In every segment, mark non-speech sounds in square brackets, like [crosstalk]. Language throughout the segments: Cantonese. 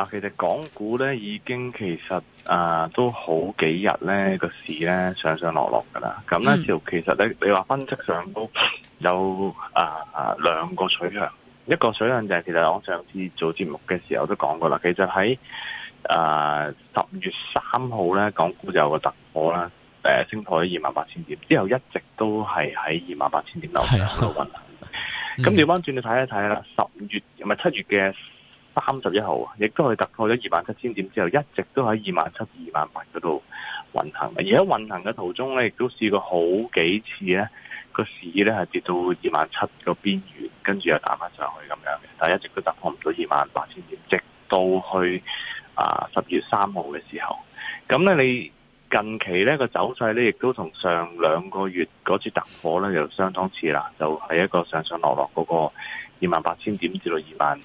嗱，其實港股咧已經其實啊、呃，都好幾日咧個市咧上上落落噶啦。咁咧就其實咧，你話分析上高有啊兩、呃呃、個取向，一個取向就係其實我上次做節目嘅時候都講過啦。其實喺啊十月三號咧，港股就有個突破啦，誒、呃、升破咗二萬八千點，之後一直都係喺二萬八千點度喺。咁調翻轉去睇一睇啦，十月唔係七月嘅。三十一號，亦都係突破咗二萬七千點之後，一直都喺二萬七、二萬八嗰度運行。而喺運行嘅途中咧，亦都試過好幾次咧，個市咧係跌到二萬七個邊緣，嗯、跟住又彈翻上去咁樣嘅。但係一直都突破唔到二萬八千點，直到去啊十月三號嘅時候。咁咧，你近期咧個走勢咧，亦都同上兩個月嗰次突破咧，又相當似啦，就係、是、一個上上落落嗰個二萬八千點至到二萬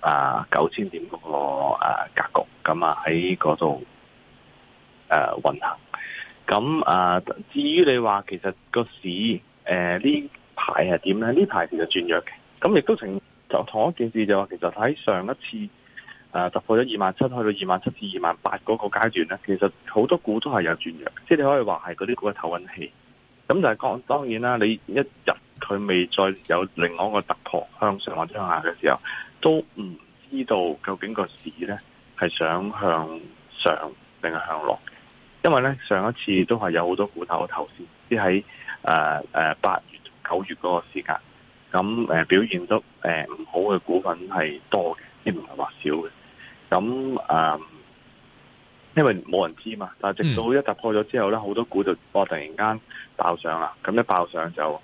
啊、呃，九千點嗰，那個誒、呃、格局，咁啊喺嗰度誒運行。咁、呃、啊，至於你話其實個市誒、呃、呢排係點咧？呢排其實轉弱嘅。咁亦都成就同一件事就話、是，其實喺上一次誒、呃、突破咗二萬七，去到二萬七至二萬八嗰個階段咧，其實好多股都係有轉弱。即係你可以話係嗰啲股嘅唞穩氣。咁就係、是、講，當然啦，你一日佢未再有另外一個突破向上或者向下嘅時候。都唔知道究竟個市咧係想向上定係向落，因為咧上一次都係有好多股頭投資，即喺誒誒八月九月嗰個時間，咁誒表現得誒唔好嘅股份係多嘅，亦唔係話少嘅。咁誒，因為冇人知嘛，但係直到一突破咗之後咧，好多股就哇突然間爆上啦，咁一爆上就。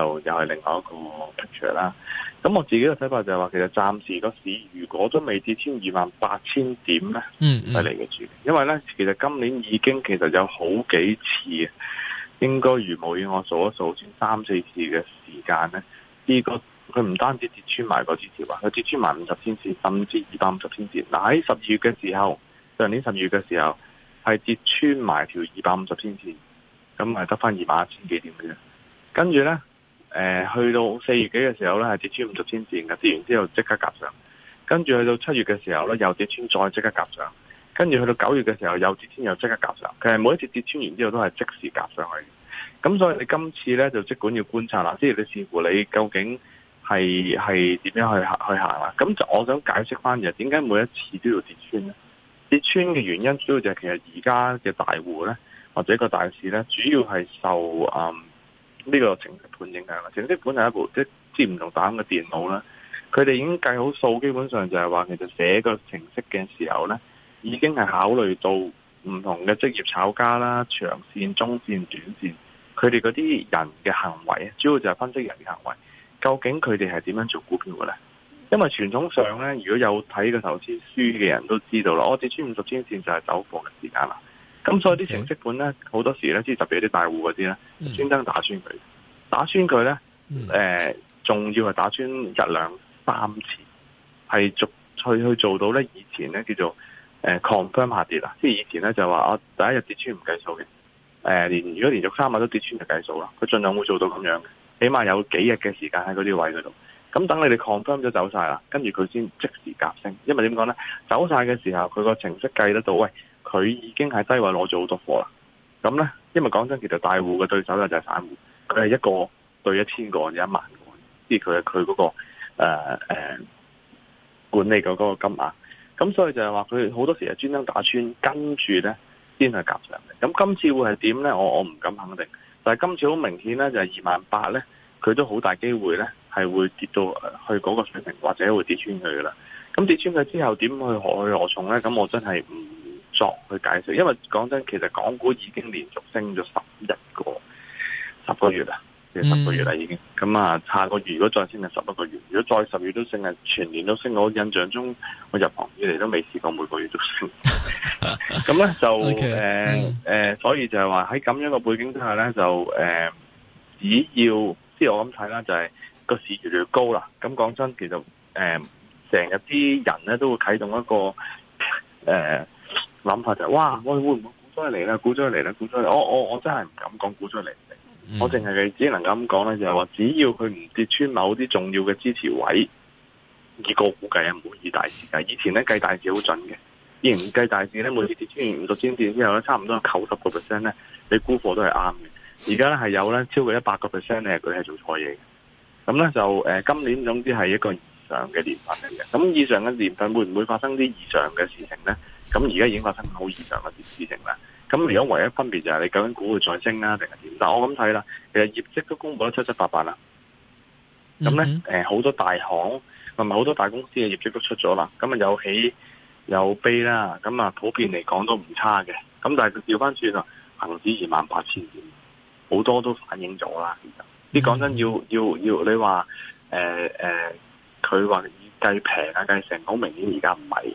又又係另外一個 picture 啦。咁我自己嘅睇法就係話，其實暫時個市如果都未跌穿二萬八千點咧，係嚟嘅主。因為咧，其實今年已經其實有好幾次，應該如無誤，我數一數先，三四次嘅時間咧。呢個佢唔單止跌穿埋嗰支條啊，佢跌穿埋五十天線，甚至二百五十天線。嗱喺十二月嘅時候，上年十二月嘅時候係跌穿埋條二百五十天線，咁咪得翻二萬一千幾點嘅啫。跟住咧。誒、呃，去到四月幾嘅時候咧，係跌穿五十天線嘅，跌完之後即刻夾上，跟住去到七月嘅時候咧，又跌穿再即刻夾上，跟住去到九月嘅時候又跌穿又即刻夾上，其實每一次跌穿完之後都係即時夾上去。咁所以你今次咧就即管要觀察啦，即係你視乎你究竟係係點樣去行去行啦。咁就我想解釋翻嘅，點解每一次都要跌穿呢？跌穿嘅原因主要就係其實而家嘅大戶咧，或者個大市咧，主要係受、嗯呢個程式盤影響啊！程式盤係一部即接唔同版嘅電腦啦，佢哋已經計好數，基本上就係話其實寫個程式嘅時候呢，已經係考慮到唔同嘅職業炒家啦、長線、中線、短線，佢哋嗰啲人嘅行為，主要就係分析人嘅行為，究竟佢哋係點樣做股票嘅呢？因為傳統上呢，如果有睇過投資書嘅人都知道啦，我哋跌穿五十天線就係走貨嘅時間啦。咁所以啲程式盤咧，好、okay，多時咧，即係特別啲大戶嗰啲咧，專、mm，登打穿佢，打穿佢咧，誒、mm，呃，仲要係打穿一兩三次，係逐去去做到咧。以前咧叫做誒 confirm、呃、下跌啦，即係以前咧就話我第一日跌穿唔計數嘅，誒、呃，如果連續三日都跌穿就計數啦。佢盡量會做到咁樣，起碼有幾日嘅時間喺嗰啲位嗰度。咁等你哋 confirm 咗走晒啦，跟住佢先即時夾升，因為點講咧？走晒嘅時候，佢個程式計得到，喂。佢已經喺低位攞咗好多貨啦，咁呢，因為講真，其實大戶嘅對手就係散戶，佢係一個對一千個或者一萬個，即係佢佢嗰個誒、呃呃、管理嘅嗰個金額，咁所以就係話佢好多時係專登打穿，跟住呢先係夾上嚟。咁今次會係點呢？我我唔敢肯定，但係今次好明顯呢，就係二萬八呢，佢都好大機會呢係會跌到去嗰個水平，或者會跌穿佢噶啦。咁跌穿佢之後點去何去何從呢？咁我真係唔～作去解釋，因為講真，其實港股已經連續升咗十一個十個月啦，即十個月啦已經。咁啊，下個月如果再升嘅十一個月，如果再十月都升嘅，全年都升。我印象中，我入行以嚟都未試過每個月都升。咁 [laughs] 咧 [laughs] 就 okay、呃嗯呃、所以就係話喺咁樣嘅背景之下咧，就、呃、只要即係我咁睇啦，就係、是、個市越嚟越高啦。咁講真，其實成日啲人咧都會啟動一個、呃諗法就係、是、哇，我會唔會估咗嚟咧？估咗嚟咧？估咗嚟？我我我真係唔敢講估咗嚟唔嚟，我淨係只能咁講咧，就係、是、話只要佢唔跌穿某啲重要嘅支持位，而個估計係唔會跌大市。嘅。以前咧計大市好準嘅，以前計大市咧每次跌穿完五十千點之後咧，差唔多九十個 percent 咧，你估貨都係啱嘅。而家咧係有咧超過一百個 percent 咧，佢係做錯嘢。嘅。咁咧就誒，今年總之係一個異常嘅年份嚟嘅。咁異常嘅年份會唔會發生啲異常嘅事情咧？咁而家已經發生好異常嘅啲事情啦。咁如果唯一分別就係你究竟股會再升呀定係點？但我咁睇啦，其實業績都公佈得七七八八啦。咁咧，好、mm -hmm. 多大行同咪好多大公司嘅業績都出咗啦。咁啊有喜有悲啦。咁啊普遍嚟講都唔差嘅。咁但係調翻轉啊，恆指二萬八千點，好多都反映咗啦。其實你講真要、mm -hmm. 要，要要要你話誒誒，佢話計平啊計成，好明顯而家唔係。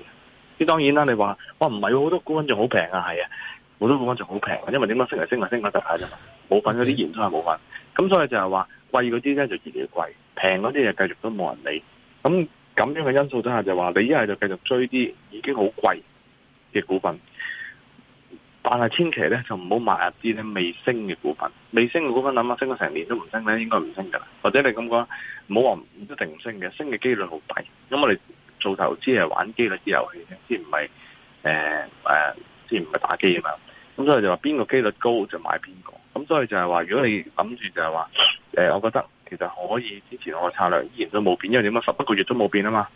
啲，當然啦，你話哇唔係，好多股份仲好平啊，係啊，好多股份仲好平啊，因為點解升嚟升嚟升個就係啫冇份嗰啲鹽都係冇份，咁所以就係話貴嗰啲咧就越嚟越貴，平嗰啲就繼續都冇人理，咁咁樣嘅因素底下就話、是、你一係就繼續追啲已經好貴嘅股份，但係千祈咧就唔好買入啲咧未升嘅股份，未升嘅股份諗下升咗成年都唔升咧，應該唔升噶啦，或者你咁講，唔好話唔一定唔升嘅，升嘅幾率好低。咁我哋。做投資係玩機率嘅遊戲，先唔係誒誒，先唔係打機啊嘛。咁所以就話邊個機率高就買邊個。咁所以就係話，如果你諗住就係話，誒、呃，我覺得其實可以之前我嘅策略依然都冇變，因為點啊，十一個月都冇變啊嘛。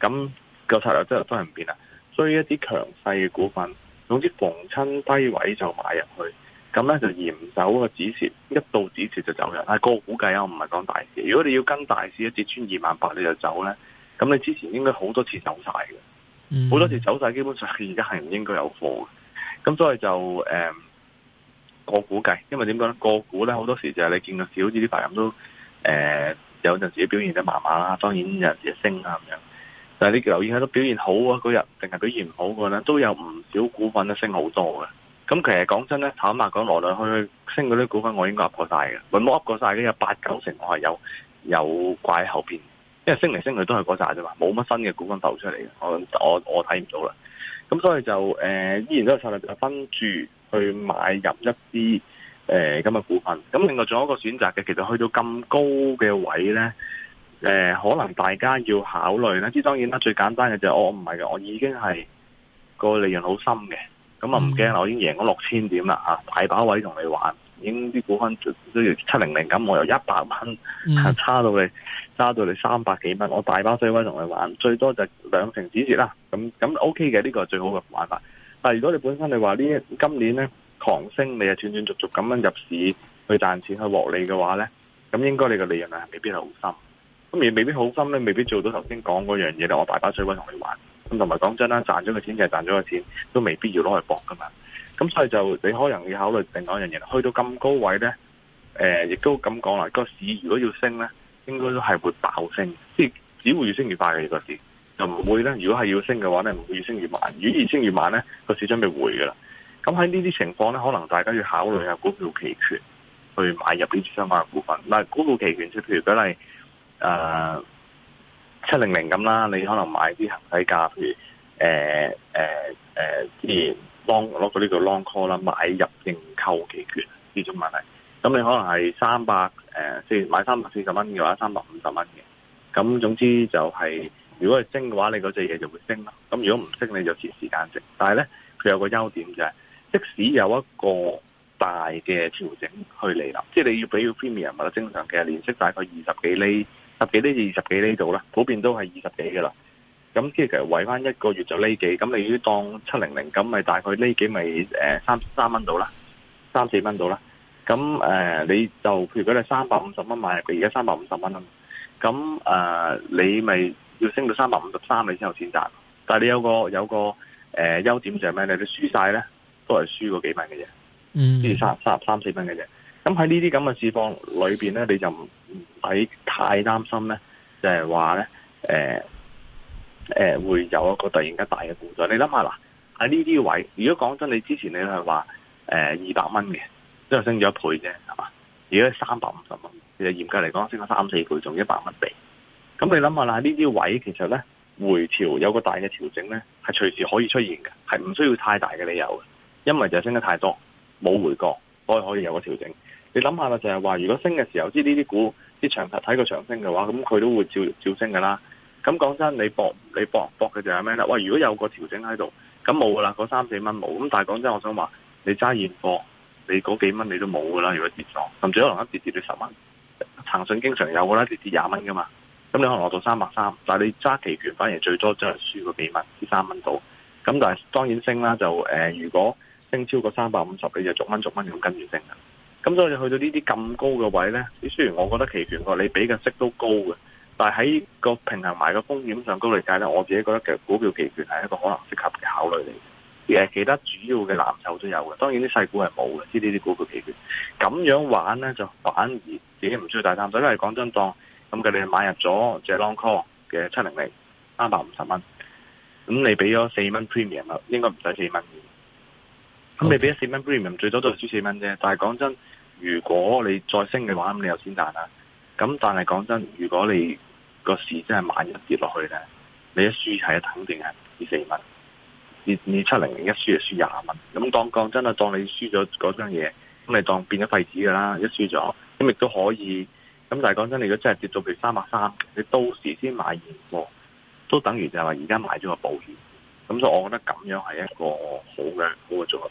咁、那個策略真係都係唔變啦。所以一啲強勢嘅股份，總之逢親低位就買入去。咁咧就嚴守個止蝕，一到止蝕就走人。啊，個估計啊，我唔係講大市。如果你要跟大市一跌穿二萬八你就走咧。咁你之前應該好多次走曬嘅。好、嗯、多次走曬，基本上而家係唔應該有貨嘅。咁所以就誒個、呃、估計，因為點講咧？個股咧好多時就係你見到少啲啲白咁都誒、呃，有陣時表現得麻麻啦。當然有陣時升啊咁樣。但係你留意下，都表現好啊嗰日，定係表現唔好嘅咧，都有唔少股份咧升好多嘅。咁其實講真咧，坦白講來來去去升嗰啲股份我，我應該握過曬嘅，冇乜握過晒嘅有八九成我，我係有有怪後邊。即係升嚟升去都係嗰紮啫嘛，冇乜新嘅股份浮出嚟嘅，我我我睇唔到啦。咁所以就誒、呃，依然都有策略分住去買入一啲誒咁嘅股份。咁另外仲有一個選擇嘅，其實去到咁高嘅位咧，誒、呃、可能大家要考慮咧。之當然啦、啊，最簡單嘅就係、是、我唔係嘅，我已經係、那個利潤好深嘅，咁啊唔驚啦，我已經贏咗六千點啦啊，大把位同你玩。已經啲股份都要七零零咁，我由一百蚊差到你差到你三百幾蚊，我大把水位同你玩，最多就兩成止蝕啦。咁咁 OK 嘅呢、呢個係最好嘅玩法。但係如果你本身你話呢今年咧狂升，你係斷斷續續咁樣入市去賺錢去獲利嘅話咧，咁應該你嘅利潤係未必係好深。咁而未必好深咧，未必做到頭先講嗰樣嘢。我大把水位同你玩。咁同埋講真啦，賺咗嘅錢就係賺咗嘅錢，都未必要攞去搏㗎嘛。咁所以就你可能要考慮另外一類，去到咁高位咧，誒、呃,亦都咁講啦。個市如果要升咧，應該都係會爆升，即係只會越升越快嘅個市，就唔會咧。如果係要升嘅話咧，唔會越升越慢。如果越升越慢咧，個市準備回噶啦。咁喺呢啲情況咧，可能大家要考慮下股票期權去買入呢啲相關嘅股份。嗱，股票期權即譬如舉例，誒、呃，七零零咁啦，你可能買啲行底價，譬如誒，誒，誒，譬如。呃呃呃 long 攞呢個 long call 啦，買入認購期權呢種問題，咁你可能係三百誒，即係買三百四十蚊嘅或者三百五十蚊嘅，咁總之就係、是、如果係升嘅話，你嗰隻嘢就會升咯。咁如果唔升，你就蝕時間值。但係咧，佢有個優點就係、是，即使有一個大嘅調整去嚟啦，即係你要俾個 premium，咪正常嘅年息大概二十幾厘、十幾厘至二十幾厘度啦，普遍都係二十幾噶啦。咁即係其實圍翻一個月就呢幾，咁你如果當七零零，咁咪大概呢幾咪誒三三蚊到啦，三四蚊到啦。咁誒、呃，你就譬如果你三百五十蚊買入，而家三百五十蚊啦。咁誒、呃，你咪要升到三百五十三，你先有錢賺。但係你有個有個誒優、呃、點就係咩咧？你輸晒咧都係輸個幾蚊嘅啫，嗯、mm -hmm.，即係三三三四蚊嘅啫。咁喺呢啲咁嘅市況裏邊咧，你就唔唔使太擔心咧，就係話咧誒。呃誒，會有一個突然間大嘅股災。你諗下啦，喺呢啲位，如果講真，你之前你係話誒二百蚊嘅，都、呃、係升咗一倍啫，係嘛？而家三百五十蚊，其實嚴格嚟講，升咗三四倍，仲一百蚊地。咁你諗下啦，呢啲位，其實咧回調有個大嘅調整咧，係隨時可以出現嘅，係唔需要太大嘅理由嘅，因為就係升得太多，冇回降，所以可以有個調整。你諗下啦，就係、是、話如果升嘅時候，即係呢啲股啲長頭睇過長升嘅話，咁佢都會照照升噶啦。咁講真，你搏，你搏搏，嘅就係咩咧？喂，如果有個調整喺度，咁冇噶啦，嗰三四蚊冇。咁但係講真，我想話你揸現貨，你嗰幾蚊你都冇噶啦。如果跌咗，甚至可能一跌跌到十蚊，騰訊經常有噶啦，跌跌廿蚊噶嘛。咁你可能攞到三百三，但係你揸期權反而最多就係輸個幾蚊，至三蚊到。咁但係當然升啦，就誒、呃，如果升超過三百五十，你就逐蚊逐蚊咁跟住升。咁所以去到呢啲咁高嘅位咧，你雖然我覺得期權個你俾嘅息都高嘅。但係喺個平衡埋個風險上高嚟計咧我自己覺得其實股票期權係一個可能適合嘅考慮嚟嘅。誒，其他主要嘅藍籌都有嘅，當然啲細股係冇嘅。知呢啲股票期權咁樣玩咧，就反而自己唔需要大貪。所以講真當咁哋你買入咗 j e Long Call 嘅七零零三百五十蚊，咁你俾咗四蚊 premium 啦，應該唔使四蚊嘅。咁、okay. 你俾咗四蚊 premium，最多都係輸四蚊啫。但係講真，如果你再升嘅話，咁你有錢賺啦。咁但係講真，如果你個事真係萬一跌落去咧，你一輸係肯定係二四蚊，二二七零零一輸就輸廿蚊。咁當講真啦，當你輸咗嗰張嘢，咁你當變咗廢紙噶啦，一輸咗，咁亦都可以。咁但係講真，你如果真係跌到譬如三百三，你到時先買現貨，都等於就係話而家買咗個保險。咁所以我覺得咁樣係一個好嘅好嘅做法。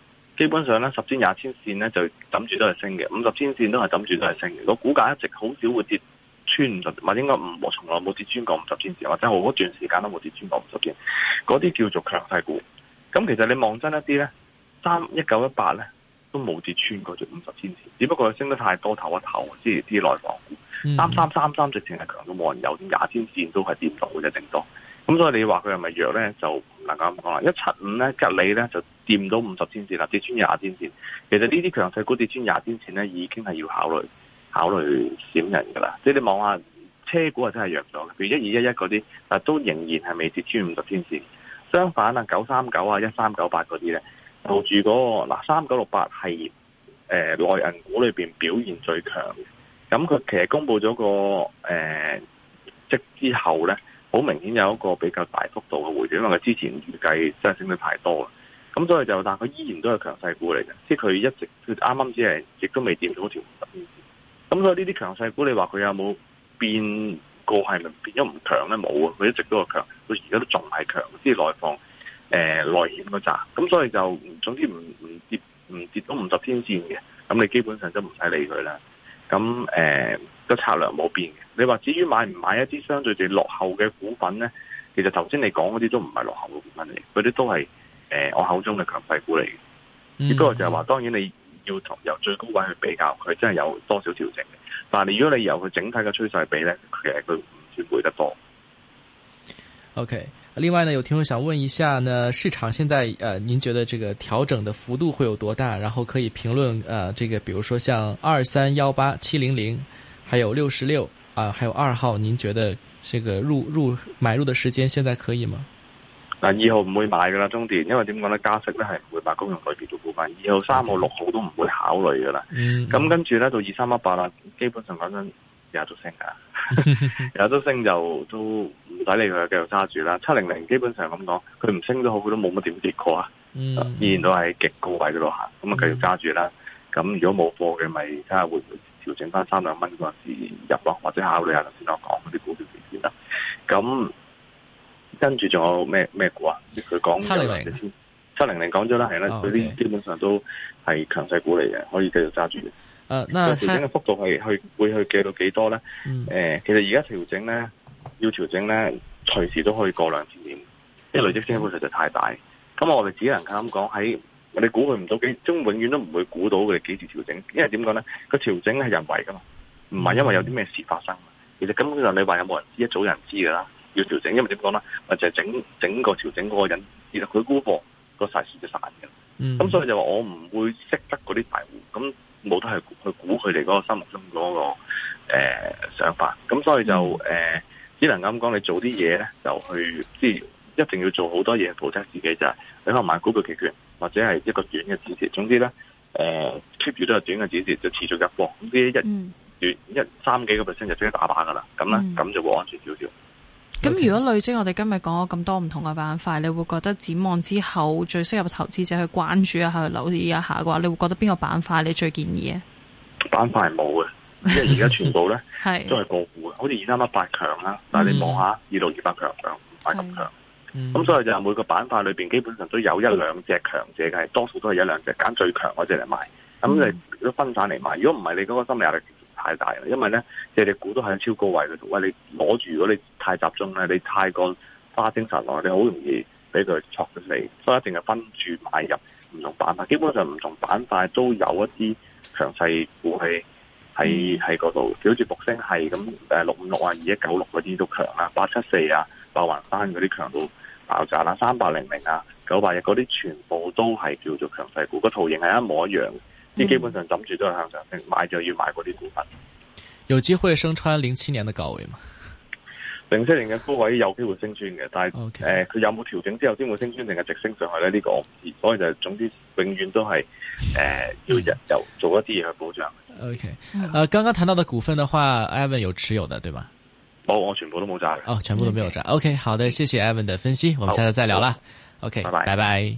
基本上咧，十天、廿天線咧就枕住都係升嘅，五十天線都係枕住都係升嘅。個股價一直好少會跌穿五十，或者應該唔從來冇跌穿過五十天線，或者好多段時間都冇跌穿過五十天。嗰啲叫做強勢股。咁其實你望真一啲咧，三一九一八咧都冇跌穿過五十天線，只不過升得太多，頭一頭即係啲內房股，三三三三直情係強到冇人有啲，廿天線都係跌到嘅定多。咁所以你話佢係咪弱咧，就唔能夠咁講。一七五咧，隔離咧就。跌唔到五十天線啦，跌穿廿天線。其實呢啲強勢股跌穿廿天線咧，已經係要考慮考慮閃人噶啦。即係你望下，車股啊真係弱咗，譬如一二一一嗰啲，啊都仍然係未跌穿五十天線。相反啊，九三九啊，一三九八嗰啲咧，抱住嗰個嗱三九六八係誒內銀股裏邊表現最強。咁佢其實公布咗個誒即、呃、之後咧，好明顯有一個比較大幅度嘅回轉，因為佢之前預計真升得太多啦。咁所以就，但佢依然都係強勢股嚟嘅，即係佢一直佢啱啱只係，亦都未跌到嗰條五十。咁所以呢啲強勢股你有有，你話佢有冇變過係咪變咗唔強咧？冇啊，佢一直都係強，佢而家都仲係強，即係內放誒、呃、內險嗰扎。咁所以就，總之唔唔跌唔跌到五十天線嘅，咁你基本上、呃、都唔使理佢啦。咁誒個策略冇變嘅。你話至於買唔買一啲相對地落後嘅股份咧，其實頭先你講嗰啲都唔係落後嘅股份嚟，嗰啲都係。誒、呃，我口中嘅強勢股嚟嘅，只不過就係話，當然你要同由最高位去比較，佢真係有多少調整嘅。但係你如果你由佢整體嘅趨勢去比咧，其實佢唔算背得多。OK，另外呢，有聽眾想問一下呢，市場現在，呃，您覺得這個調整的幅度會有多大？然後可以評論，呃，這個，比如說像二三幺八七零零，還有六十六，啊，還有二號，您覺得這個入入買入的時間現在可以嗎？嗱二號唔會買噶啦，中電，因為點講咧？加息咧係唔會買公用類別嘅股份。二號、三號、六號都唔會考慮噶啦。咁、嗯、跟住咧到二三一八啦，基本上講真，日日都升噶，日日 [laughs] [laughs] 都升就都唔使理佢，繼續揸住啦。七零零基本上咁講，佢唔升都好，佢都冇乜點跌過啊、嗯。依然都喺極高位嘅落行，咁啊繼續揸住啦。咁、嗯、如果冇貨嘅，咪睇下會唔會調整翻三兩蚊嗰陣時入咯，或者考慮下頭先我講嗰啲股票點啦。咁跟住仲有咩咩股啊？佢講七零零，七零零講咗啦，係啦，嗰、oh，啲、okay。基本上都係強勢股嚟嘅，可以繼續揸住嘅、uh, no, uh，嗯。呃，調整嘅幅度係去會去計到幾多咧？誒，其實而家調整咧，要調整咧，隨時都可以過兩千點，因為累積升幅實在太大。咁我哋只能夠咁講，喺我哋估佢唔到幾，終永遠都唔會估到佢幾時調整，因為點講咧？佢調整係人為噶嘛，唔係因為有啲咩事發生、嗯。其實根本上你話有冇人知，一早人知噶啦。要調整，因為點講咧？就係、是、整整個調整嗰個人，其實佢估貨嗰陣時就散嘅。咁、mm -hmm. 所以就話我唔會識得嗰啲大戶，咁冇得去去估佢哋嗰個心目中嗰、那個誒、呃、想法。咁所以就誒，只、呃、能咁講。你做啲嘢咧，就去即係一定要做好多嘢，protect 自己就係、是、你可能買股票期權或者係一個短嘅指示。總之咧，誒 keep 住都係短嘅指示，就持續入貨。咁啲一短、mm -hmm. 一三幾個 percent 就真係打靶噶啦。咁咧，咁、mm -hmm. 就會安全少少。咁、okay. 如果累積我哋今日講咗咁多唔同嘅板塊，你會覺得展望之後最適合投資者去關注下去留意一下嘅話，你會覺得邊個板塊你最建議啊？板塊冇嘅，即係而家全部咧 [laughs] 都係過戶，好似二三一八強啦、嗯，但你望下二到二百強強唔係咁強，咁、嗯、所以就每個板塊裏面基本上都有一兩隻強者嘅，多數都係一兩隻，揀最強嗰隻嚟買。咁你都分散嚟買，如果唔係你嗰個心理壓力。太大啦，因為咧，隻隻股都喺超高位嘅，喂，你攞住，如果你太集中咧，你太過花精神落，你好容易俾佢挫咗你，所以一定係分住買入唔同板塊，基本上唔同板塊都有一啲強勢股係喺喺嗰度，好似復星係咁，誒六五六啊，二一九六嗰啲都強啦，八七四啊，白雲山嗰啲強度爆炸啦，三百零零啊，九八一嗰啲全部都係叫做強勢股，個圖形係一模一樣。啲基本上枕住都係向上升，買就要買嗰啲股份。有機會升穿零七年的高位嘛？零七年嘅高位有機會升穿嘅，但係誒，佢、呃、有冇調整之後先會升穿，定係直升上去咧？呢、這個我唔知，所以就總之永遠都係誒、呃、要日有、嗯、做一啲嘢去保障。OK，誒、呃，剛剛談到的股份的話，Evan 有持有的對嗎？冇，我全部都冇揸哦，全部都沒有揸。Okay. OK，好的，謝謝 Evan 的分析，我們下次再聊啦。OK，bye bye 拜拜。